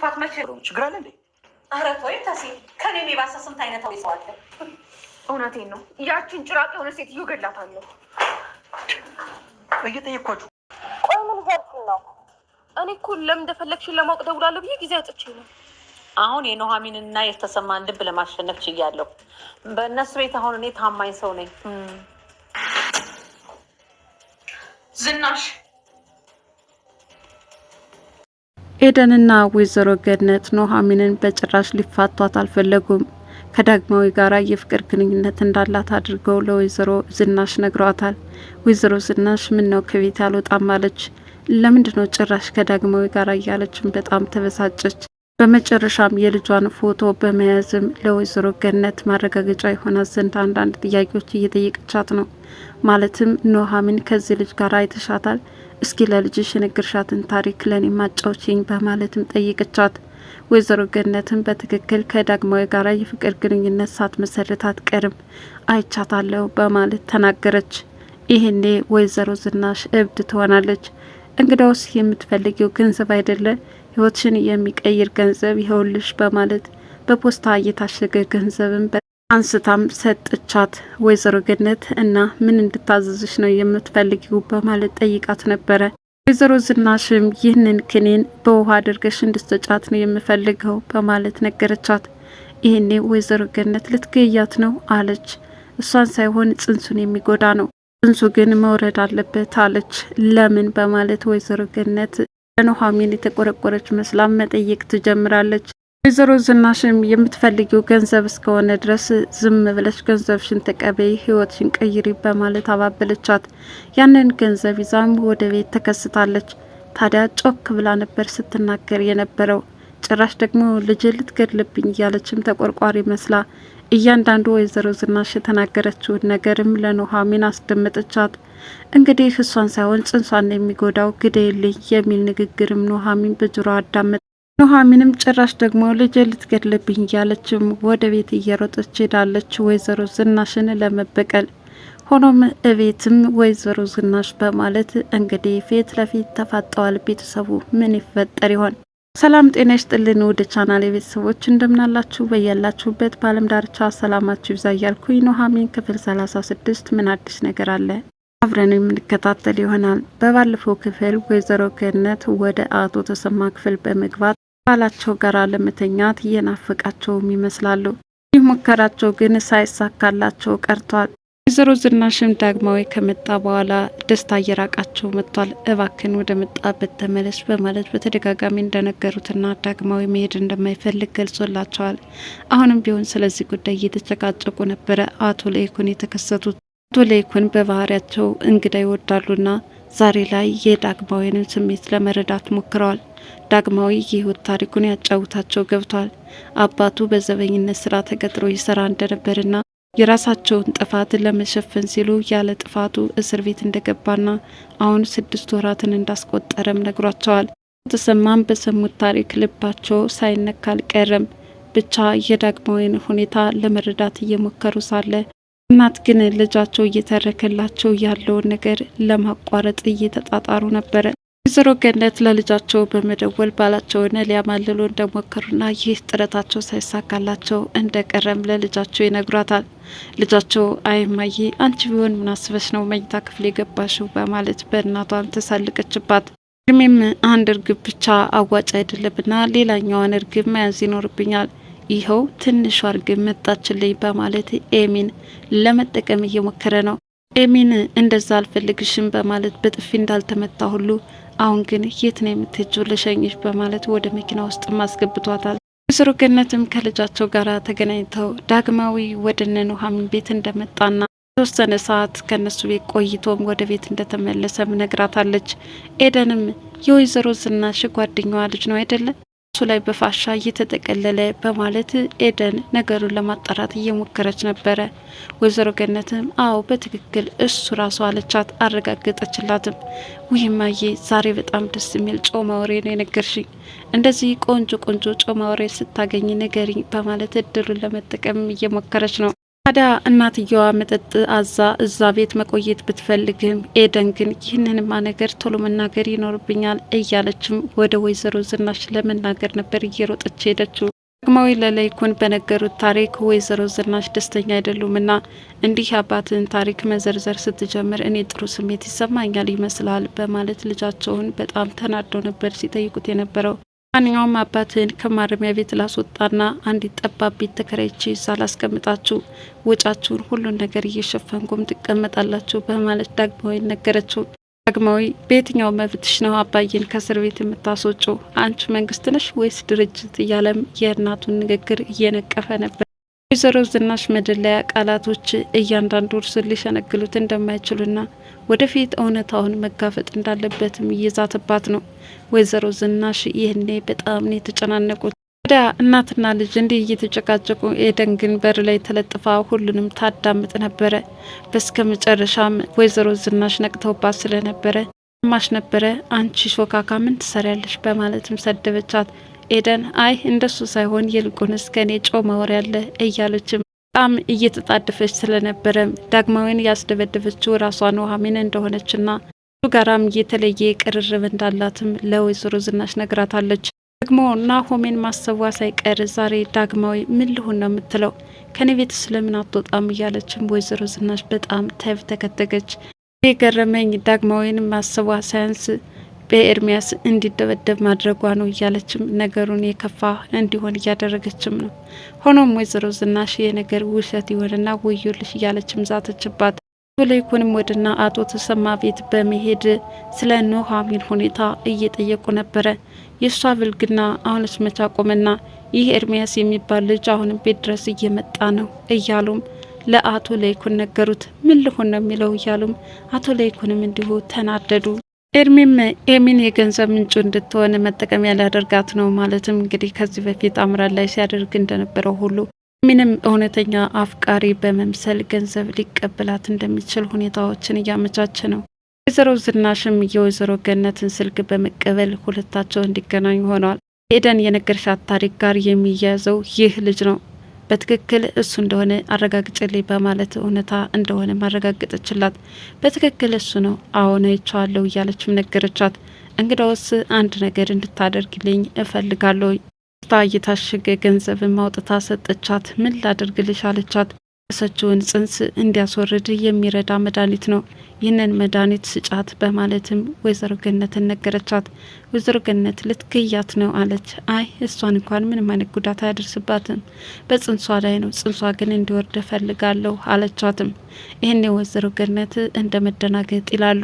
መግፋት መቼ ነው ችግር አለ እንዴ? ኧረ ተወኝ ተሴ፣ ከኔም የባሰ ስንት አይነት ሰው አለ። እውነቴን ነው። ያችን ጭራቅ የሆነ ሴትዮ ገላታለሁ እየጠየኳችሁ። ቆይ ምን ዘርፍ ነው? እኔ እኮ ለምን እንደፈለግሽን ለማወቅ ደውላለሁ ብዬ ጊዜ አጥቼ ነው። አሁን የኑሐሚንና የተሰማን ልብ ለማሸነፍ ችያለሁ። በእነሱ ቤት አሁን እኔ ታማኝ ሰው ነኝ። ዝናሽ ኤደንና ወይዘሮ ገነት ኑሐሚንን በጭራሽ ሊፋቷት አልፈለጉም። ከዳግማዊ ጋር የፍቅር ግንኙነት እንዳላት አድርገው ለወይዘሮ ዝናሽ ነግረዋታል። ወይዘሮ ዝናሽ ምን ነው ከቤት ያልወጣም አለች። ለምንድነው ጭራሽ ከዳግማዊ ጋር እያለችም በጣም ተበሳጨች። በመጨረሻም የልጇን ፎቶ በመያዝም ለወይዘሮ ገነት ማረጋገጫ የሆነ ዘንድ አንዳንድ ጥያቄዎች እየጠየቀቻት ነው። ማለትም ኑሐሚን ከዚህ ልጅ ጋር አይተሻታል? እስኪ ለልጅሽ የነገርሻትን ታሪክ ለእኔ ማጫውችኝ በማለትም ጠይቀቻት። ወይዘሮ ገነትም በትክክል ከዳግማዊ ጋር የፍቅር ግንኙነት ሳትመሰርት አትቀርም አይቻታለሁ በማለት ተናገረች። ይህኔ ወይዘሮ ዝናሽ እብድ ትሆናለች። እንግዳውስ የምትፈልጊው ገንዘብ አይደለ? ህይወትሽን የሚቀይር ገንዘብ ይኸውልሽ በማለት በፖስታ እየታሸገ ገንዘብን አንስታም ሰጥቻት። ወይዘሮ ገነት እና ምን እንድታዘዝሽ ነው የምትፈልጊው በማለት ጠይቃት ነበረ። ወይዘሮ ዝናሽም ይህንን ክኒን በውሃ አድርገሽ እንድትጫት ነው የምፈልገው በማለት ነገረቻት። ይህኔ ወይዘሮ ገነት ልትገያት ነው አለች። እሷን ሳይሆን ጽንሱን የሚጎዳ ነው ጽንሱ ግን መውረድ አለበት አለች። ለምን በማለት ወይዘሮ ገነት ለኑሐሚን የተቆረቆረች መስላ መጠየቅ ትጀምራለች። ወይዘሮ ዝናሽም የምትፈልጊው ገንዘብ እስከሆነ ድረስ ዝም ብለሽ ገንዘብሽን ተቀበይ፣ ህይወትሽን ቀይሪ በማለት አባበለቻት። ያንን ገንዘብ ይዛም ወደ ቤት ተከስታለች። ታዲያ ጮክ ብላ ነበር ስትናገር የነበረው። ጭራሽ ደግሞ ልጅ ልትገድልብኝ እያለችም ተቆርቋሪ መስላ እያንዳንዱ ወይዘሮ ዝናሽ የተናገረችውን ነገርም ለኑሐሚን አስደመጠቻት። እንግዲህ እሷን ሳይሆን ጽንሷን የሚጎዳው ግደልኝ የሚል ንግግርም ኑሐሚን በጆሮ አዳመጠ። ኑሐሚንም ጭራሽ ደግሞ ልጄ ልትገድልብኝ እያለችም ወደ ቤት እየሮጠች ሄዳለች ወይዘሮ ዝናሽን ለመበቀል። ሆኖም እቤትም ወይዘሮ ዝናሽ በማለት እንግዲህ ፊት ለፊት ተፋጠዋል። ቤተሰቡ ምን ይፈጠር ይሆን? ሰላም ጤና ይስጥልን ውድ ቻናል የቤተሰቦች እንደምናላችሁ በያላችሁበት በዓለም ዳርቻ ሰላማችሁ ይብዛ እያልኩኝ ኑሐሚን ክፍል ሰላሳ ስድስት ምን አዲስ ነገር አለ አብረን የምንከታተል ይሆናል። በባለፈው ክፍል ወይዘሮ ገነት ወደ አቶ ተሰማ ክፍል በመግባት ባላቸው ጋር ለመተኛት እየናፈቃቸውም ይመስላሉ። ይህ ሙከራቸው ግን ሳይሳካላቸው ቀርቷል። ወይዘሮ ዝናሽም ዳግማዊ ከመጣ በኋላ ደስታ እየራቃቸው መጥቷል። እባክን ወደ መጣበት ተመለስ በማለት በተደጋጋሚ እንደነገሩትና ዳግማዊ መሄድ እንደማይፈልግ ገልጾላቸዋል። አሁንም ቢሆን ስለዚህ ጉዳይ እየተጨቃጨቁ ነበረ። አቶ ለይኩን የተከሰቱት አቶ ለይኩን በባህሪያቸው እንግዳ ይወዳሉና ዛሬ ላይ የዳግማዊንም ስሜት ለመረዳት ሞክረዋል። ዳግማዊ የህይወት ታሪኩን ያጫውታቸው ገብቷል። አባቱ በዘበኝነት ስራ ተቀጥሮ ይሰራ እንደነበርና የራሳቸውን ጥፋት ለመሸፈን ሲሉ ያለ ጥፋቱ እስር ቤት እንደገባና አሁን ስድስት ወራትን እንዳስቆጠረም ነግሯቸዋል። ተሰማም በሰሙት ታሪክ ልባቸው ሳይነካ አልቀረም። ብቻ የዳግማዊን ሁኔታ ለመረዳት እየሞከሩ ሳለ እናት ግን ልጃቸው እየተረከላቸው ያለውን ነገር ለማቋረጥ እየተጣጣሩ ነበረ። ወይዘሮ ገነት ለልጃቸው በመደወል ባላቸውን ሊያማልሉ እንደሞከሩና ይህ ጥረታቸው ሳይሳካላቸው እንደቀረም ለልጃቸው ይነግሯታል። ልጃቸው አይማዬ አንቺ ቢሆን ምናስበሽ ነው መኝታ ክፍል የገባሽው በማለት በእናቷም ተሳልቀችባት። እድሜም አንድ እርግብ ብቻ አዋጭ አይደለምና ሌላኛዋን እርግብ መያዝ ይኖርብኛል ይኸው ትንሿ እርግብ መጣችልኝ በማለት ኤሚን ለመጠቀም እየሞከረ ነው። ኤሚን እንደዛ አልፈልግሽም በማለት በጥፊ እንዳልተመታ ሁሉ አሁን ግን የት ነው የምትሄጂው? ልሸኝሽ በማለት ወደ መኪና ውስጥ አስገብቷታል። ወይዘሮ ገነትም ከልጃቸው ጋር ተገናኝተው ዳግማዊ ወደ እነ ኑሐሚን ቤት እንደመጣና የተወሰነ ሰዓት ከእነሱ ቤት ቆይቶም ወደ ቤት እንደተመለሰም ነግራታለች። ኤደንም የወይዘሮ ዝናሽ ጓደኛዋ ልጅ ነው አይደለም ላይ በፋሻ እየተጠቀለለ በማለት ኤደን ነገሩን ለማጣራት እየሞከረች ነበረ። ወይዘሮ ገነትም አዎ በትክክል እሱ ራሱ አለቻት፣ አረጋገጠችላትም። ውይማዬ ዛሬ በጣም ደስ የሚል ጮማ ወሬ ነው የነገርሽኝ። እንደዚህ ቆንጆ ቆንጆ ጮማ ወሬ ስታገኝ ንገሪኝ በማለት እድሉን ለመጠቀም እየሞከረች ነው። ታዲያ እናትየዋ መጠጥ አዛ እዛ ቤት መቆየት ብትፈልግም ኤደን ግን ይህንንማ ነገር ቶሎ መናገር ይኖርብኛል እያለችም ወደ ወይዘሮ ዝናሽ ለመናገር ነበር እየሮጠች ሄደችው። ዳግማዊ ለለይኩን በነገሩት ታሪክ ወይዘሮ ዝናሽ ደስተኛ አይደሉምና እንዲህ አባትን ታሪክ መዘርዘር ስትጀምር እኔ ጥሩ ስሜት ይሰማኛል ይመስላል በማለት ልጃቸውን በጣም ተናዶ ነበር ሲጠይቁት የነበረው። ማንኛውም አባትን ከማረሚያ ቤት ላስወጣና አንዲት ጠባብ ቤት ተከራይቼ እዛ ላስቀምጣችሁ፣ ወጫችሁን ሁሉን ነገር እየሸፈንኩም ትቀመጣላችሁ በማለት ዳግማዊ ነገረችው። ዳግማዊ በየትኛው መብትሽ ነው አባዬን ከእስር ቤት የምታስወጪው? አንቺ መንግስት ነሽ ወይስ ድርጅት? እያለም የእናቱን ንግግር እየነቀፈ ነበር። ወይዘሮ ዝናሽ መደለያ ቃላቶች እያንዳንዱ እርሱን ሊሸነግሉት እንደማይችሉና ወደፊት እውነታውን መጋፈጥ እንዳለበትም እየዛተባት ነው። ወይዘሮ ዝናሽ ይህኔ በጣም ነው የተጨናነቁት። ታዲያ እናትና ልጅ እንዲህ እየተጨቃጨቁ ኤደን ግን በር ላይ ተለጥፋ ሁሉንም ታዳምጥ ነበረ። በስከ መጨረሻም ወይዘሮ ዝናሽ ነቅተውባት ስለነበረ ማሽ ነበረ አንቺ ሾካካ ምን ትሰሪያለሽ በማለትም ሰደበቻት። ኤደን አይ እንደሱ ሳይሆን ይልቁንስ ከኔ ጮ ማወር ያለ እያለችም በጣም እየተጣደፈች ስለነበረ ዳግማዊን ያስደበደበችው ራሷ ኑሐሚን እንደሆነችና እሱ ጋራም የተለየ ቅርርብ እንዳላትም ለወይዘሮ ዝናሽ ነግራታለች። ደግሞ ናሆሜን ማሰቧ ሳይቀር ዛሬ ዳግማዊ ምን ልሁን ነው የምትለው ከኔ ቤት ስለምን አትወጣም እያለችም ወይዘሮ ዝናሽ በጣም ተብ ተከተገች። የገረመኝ ዳግማዊን ማሰቧ ሳያንስ በኤርሚያስ እንዲደበደብ ማድረጓ ነው እያለችም ነገሩን የከፋ እንዲሆን እያደረገችም ነው። ሆኖም ወይዘሮ ዝናሽ የነገር ውሸት ይሆንና ውዩልሽ እያለችም ዛተችባት። ሌኮንም ወደና አቶ ተሰማ ቤት በመሄድ ስለ ኑሐሚን ሁኔታ እየጠየቁ ነበረ። የእሷ ብልግና አሁንስ መቻ ይህ ኤርሚያስ የሚባል ልጅ አሁንም ቤት ድረስ እየመጣ ነው እያሉም ለአቶ ለይኩን ነገሩት። ምን ልሆን ነው የሚለው እያሉም አቶ ለይኩንም እንዲሁ ተናደዱ። ኤርሚም ኤሚን የገንዘብ ምንጩ እንድትሆን መጠቀሚያ ሊያደርጋት ነው። ማለትም እንግዲህ ከዚህ በፊት አምራን ላይ ሲያደርግ እንደነበረው ሁሉ ሚንም እውነተኛ አፍቃሪ በመምሰል ገንዘብ ሊቀበላት እንደሚችል ሁኔታዎችን እያመቻቸ ነው። ወይዘሮ ዝናሽም የወይዘሮ ገነትን ስልክ በመቀበል ሁለታቸው እንዲገናኙ ሆነዋል። ኤደን የነገርሻት ታሪክ ጋር የሚያያዘው ይህ ልጅ ነው። በትክክል እሱ እንደሆነ አረጋግጭልኝ በማለት እውነታ እንደሆነ ማረጋግጥችላት በትክክል እሱ ነው አሁን አይቼዋለሁ እያለችም ነገረቻት። እንግዳውስ አንድ ነገር እንድታደርግልኝ እፈልጋለሁ። ስታ እየታሸገ ገንዘብን ማውጥታ ሰጠቻት። ምን ላደርግልሽ አለቻት። የሰችውን ጽንስ እንዲያስወርድ የሚረዳ መድኃኒት ነው። ይህንን መድኃኒት ስጫት በማለትም ወይዘሮ ገነትን ነገረቻት። ወይዘሮ ገነት ልትገያት ነው አለች። አይ እሷን እንኳን ምንም አይነት ጉዳት አያደርስባትም፣ በጽንሷ ላይ ነው። ጽንሷ ግን እንዲወርድ እፈልጋለሁ አለቻትም። ይህን ወይዘሮ ገነት እንደ መደናገጥ ይላሉ።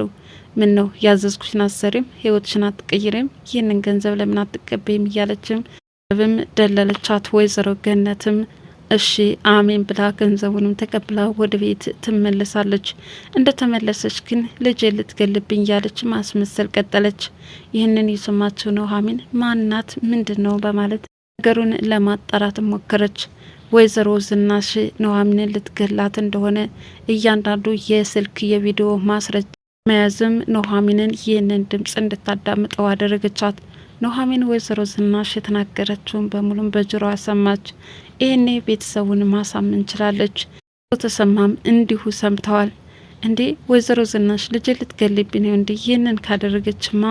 ምን ነው ያዘዝኩሽን አሰሪም ህይወትሽን አትቀይሬም፣ ይህንን ገንዘብ ለምን አትቀበይም? እያለችም ብም ደለለቻት። ወይዘሮ ገነትም እሺ አሜን ብላ ገንዘቡንም ተቀብላ ወደ ቤት ትመለሳለች። እንደ ተመለሰች ግን ልጄ ልትገልብኝ ያለች ማስመሰል ቀጠለች። ይህንን የሰማችው ኑሐሚን ማናት ምንድን ነው በማለት ነገሩን ለማጣራት ሞከረች። ወይዘሮ ዝናሽ ኑሐሚንን ልትገላት እንደሆነ እያንዳንዱ የስልክ የቪዲዮ ማስረጃ መያዝም ኑሐሚንን ይህንን ድምፅ እንድታዳምጠው አደረገቻት። ኑሐሚን ወይዘሮ ዝናሽ የተናገረችውን በሙሉም በጆሮዋ አሰማች ይህኔ ቤተሰቡን ማሳም እንችላለች ተሰማም እንዲሁ ሰምተዋል። እንዴ ወይዘሮ ዝናሽ ልጅ ልትገልብኝ ነው እንዴ? ይህንን ካደረገችማ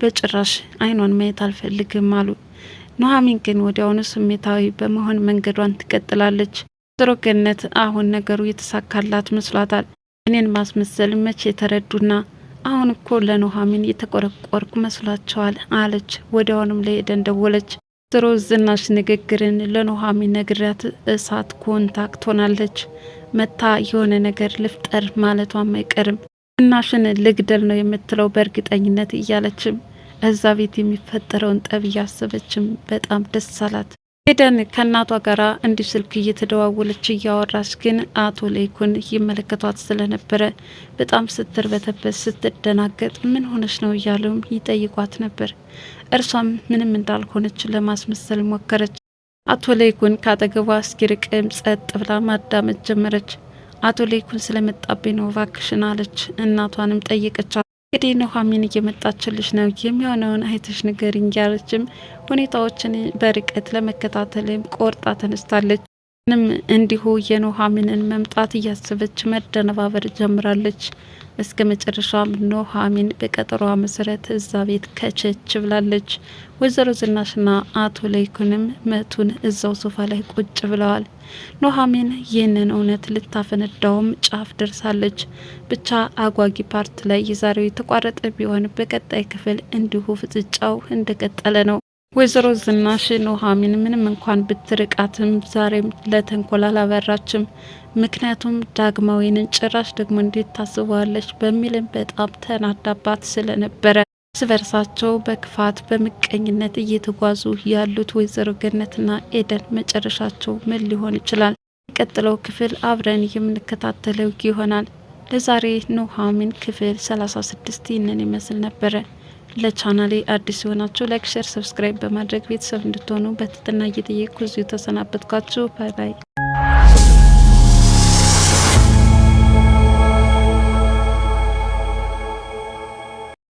በጭራሽ አይኗን ማየት አልፈልግም አሉ። ኑሐሚን ግን ወዲያውኑ ስሜታዊ በመሆን መንገዷን ትቀጥላለች። ወይዘሮ ገነት አሁን ነገሩ የተሳካላት መስሏታል። እኔን ማስመሰል መቼ የተረዱና አሁን እኮ ለኑሐሚን የተቆረቆርኩ መስሏቸዋል አለች። ወዲያውኑም ለኤደን ደወለች። ወይዘሮ ዝናሽ ንግግርን ለኑሐሚን ነግሪያት እሳት ኮንታክት ሆናለች። መታ የሆነ ነገር ልፍጠር ማለቷም አይቀርም። ዝናሽን ልግደል ነው የምትለው በእርግጠኝነት እያለችም እዛ ቤት የሚፈጠረውን ጠብ እያሰበችም በጣም ደስ አላት። ሄደን ከእናቷ ጋር እንዲሁ ስልክ እየተደዋወለች እያወራች ግን አቶ ለይኩን ይመለከቷት ስለነበረ በጣም ስትርበተበት ስትደናገጥ ምን ሆነች ነው እያሉም ይጠይቋት ነበር። እርሷም ምንም እንዳልሆነች ለማስመሰል ሞከረች። አቶ ለይኩን ከአጠገቧ እስኪርቅም ጸጥ ብላ ማዳመጥ ጀመረች። አቶ ለይኩን ስለመጣብኝ ነው እባክሽን አለች። እናቷንም ጠየቀቻት። እንግዲህ ኑሐሚን እየመጣችልሽ ነው የሚሆነውን አይተሽ ንገሪኝ እያለችም ሁኔታዎችን በርቀት ለመከታተልም ቆርጣ ተነስታለች። ንም እንዲሁ የኑሐሚንን መምጣት እያሰበች መደነባበር ጀምራለች። እስከ መጨረሻም ኑሐሚን በቀጠሯ መሰረት እዛ ቤት ከቸች ብላለች። ወይዘሮ ዝናሽና አቶ ለይኩንም መቱን እዛው ሶፋ ላይ ቁጭ ብለዋል። ኑሐሚን ይህንን እውነት ልታፈነዳውም ጫፍ ደርሳለች። ብቻ አጓጊ ፓርት ላይ የዛሬው የተቋረጠ ቢሆን በቀጣይ ክፍል እንዲሁ ፍጥጫው እንደቀጠለ ነው። ወይዘሮ ዝናሽ ኑሐሚን ምንም እንኳን ብትርቃትም ዛሬም ለተንኮል አላበራችም። ምክንያቱም ዳግማዊንን ጭራሽ ደግሞ እንዴት ታስበዋለች በሚልም በጣም ተናዳባት ስለነበረ ስበርሳቸው በክፋት በምቀኝነት እየተጓዙ ያሉት ወይዘሮ ገነትና ኤደን መጨረሻቸው ምን ሊሆን ይችላል? የቀጥለው ክፍል አብረን የምንከታተለው ይሆናል። ለዛሬ ኑሐሚን ክፍል 36 ይህንን ይመስል ነበረ። ለቻናሌ አዲስ የሆናችሁ ላይክ፣ ሼር፣ ሰብስክራይብ በማድረግ ቤተሰብ እንድትሆኑ በትህትና እየጠየቅኩ እዚሁ ተሰናበትኳችሁ። ባይ ባይ።